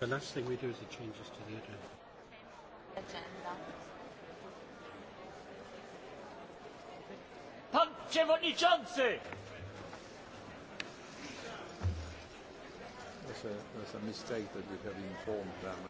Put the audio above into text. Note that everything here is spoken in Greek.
The last thing we do is the changes to the agenda. Agenda. Pan There's a, there's a mistake that you have informed them.